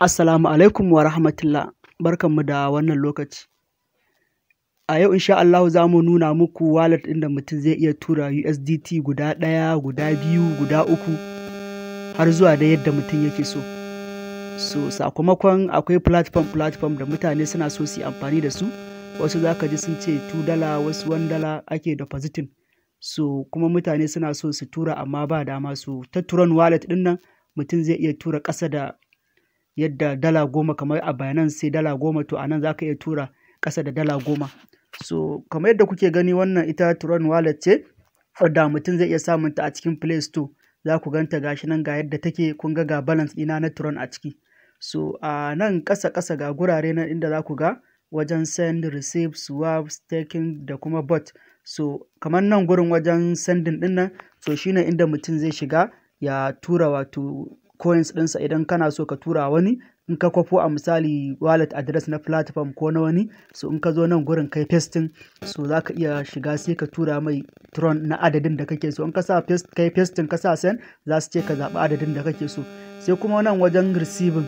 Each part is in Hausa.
Assalamu alaikum wa rahmatullah, barkanmu da wannan lokaci. A yau insha Allah za mu nuna muku wallet ɗin da mutum zai iya tura USDT guda ɗaya, guda biyu, guda uku har zuwa da yadda mutum yake so. So sakamakon akwai platform platform da mutane suna so su amfani da su, wasu za ka ji sun ce two dala, wasu 1 dala ake depositing. So kuma mutane suna so su tura amma ba dama su ta turan wallet ɗin nan mutum zai iya tura ƙasa da yadda dala goma kamar a bayanan sai dala goma to a nan za ka iya tura ƙasa da dala goma. So kamar yadda kuke gani wannan ita Tron wallet ce wadda mutum zai iya samun ta a cikin Play Store za ku ganta gashi nan ga yadda take kun ga ga balance ina na Tron a ciki. So a nan ƙasa ƙasa ga gurare na inda za ku ga wajen send, receive, swap, staking da kuma bot. So kamar nan gurin wajen sending ɗinnan, nan so shine inda mutum zai shiga ya tura wato coins ɗinsa idan kana so ka tura wani in ka kwafo a misali wallet address na platform ko na wani so in ka zo nan gurin kai pasting so za ka iya shiga sai ka tura mai tron na adadin da kake so in ka sa kai pasting ka sa send za su ce ka zaɓi adadin da kake so sai kuma nan wajen receiving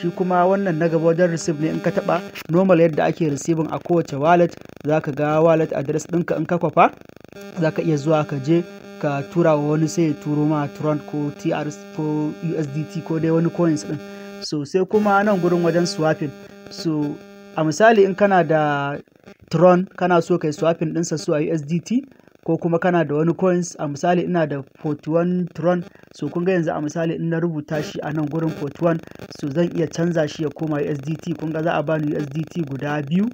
shi kuma wannan na gaba wajen receive ne in ka taɓa normal yadda ake receiving a kowace wallet za ka ga wallet address ɗinka in ka kwafa za ka iya zuwa ka je ka tura wa wani sai ya turo ma tron ko tr ko usdt ko dai wani coins din so sai kuma nan gurin wajen swapping so a misali in kana da tron kana so kai swapping dinsa su a usdt ko kuma kana da wani coins a misali ina da 41 tron so kun ga yanzu a misali in na rubuta shi a nan gurin 41 so zan iya canza shi ya koma usdt kun ga za a bani usdt guda biyu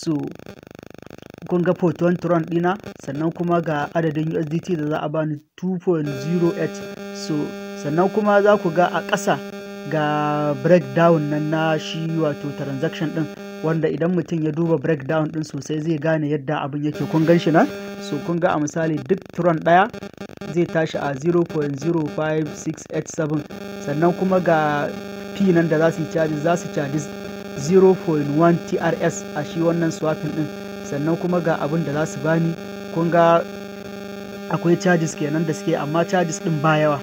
so kun ga photon tron dina sannan kuma ga adadin USDT da za a bani 2.08 so sannan kuma za ku ga a ƙasa ga breakdown nan na shi wato transaction ɗin wanda idan mutum ya duba breakdown ɗin sosai zai gane yadda abin yake kun gan shi nan so kun ga a misali duk tron ɗaya zai tashi a 0.05687 sannan kuma ga p nan da za su yi charges za su charges 0.1 trs a shi wannan swapping ɗin. sannan kuma ga abin da za su bani kun ga akwai charges kenan da suke amma charges din ba yawa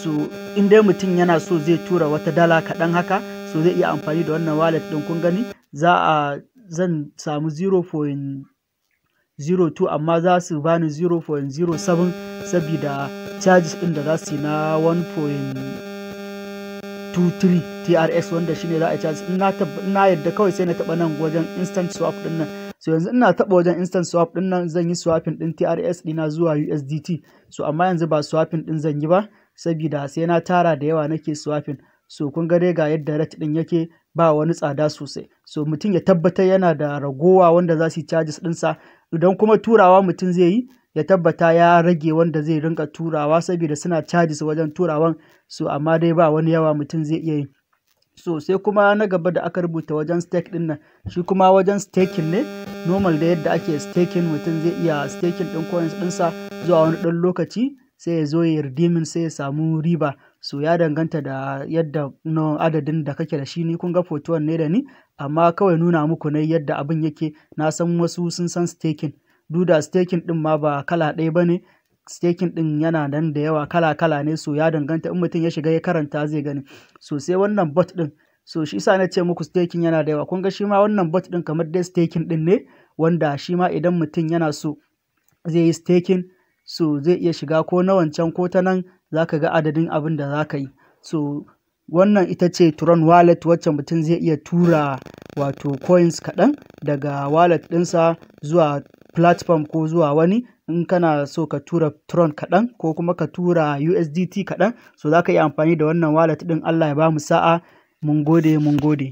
so in dai mutum yana so zai tura wata dala kaɗan haka so zai iya amfani da wannan wallet din kun gani za a zan samu 0.02 amma za su bani 0.07 saboda charges din da za su yi na 23 trs wanda shine za a charge in na yadda kawai sai na taɓa nan wajen instant swap din nan so yanzu ina taɓa wajen instant swap ɗin nan zan yi swapping ɗin TRS dina zuwa USDT so amma yanzu ba swapping ɗin zan yi ba saboda sai na tara da yawa nake swapping so kun ga dai ga yadda rate ɗin yake ba wani tsada sosai so mutum ya tabbatar yana da ragowa wanda za su yi charges ɗinsa idan kuma turawa mutum zai yi ya tabbata ya rage wanda zai rinka turawa saboda suna charges wajen turawan so amma dai ba wani yawa mutum zai iya yi so sai kuma na gaba da aka rubuta wajen stake ɗin nan shi kuma wajen staking ne normal da yadda ake staking mutum zai iya staking ɗin coins ɗinsa zuwa wani ɗan lokaci sai ya zo ya redeeming sai ya samu riba so ya danganta da yadda no, adadin da kake da shi ni kun ga fotuwan ne da ni amma kawai nuna muku ne yadda abin yake na san wasu sun san staking duk da staking ɗin ma ba kala ɗaya ba ne staking din yana nan da yawa kala-kala ne so ya danganta in mutum ya shiga ya karanta zai gani so sai wannan bot ɗin. so shi sa na ce muku staking yana da yawa kun ga shi ma wannan bot din kamar dai staking din ne wanda shi ma idan mutum yana so zai yi staking so zai iya shiga ko na wancan ko ta nan za ka ga adadin abin da za ka yi so wannan ita ce Tron wallet wacce mutum zai iya tura wato coins kaɗan daga wallet ɗinsa zuwa platform ko zuwa wani in kana so ka tura tron kaɗan ko kuma ka tura usdt kaɗan so za ka yi amfani da wannan wallet ɗin allah ya ba mu sa'a Mun gode, mun gode.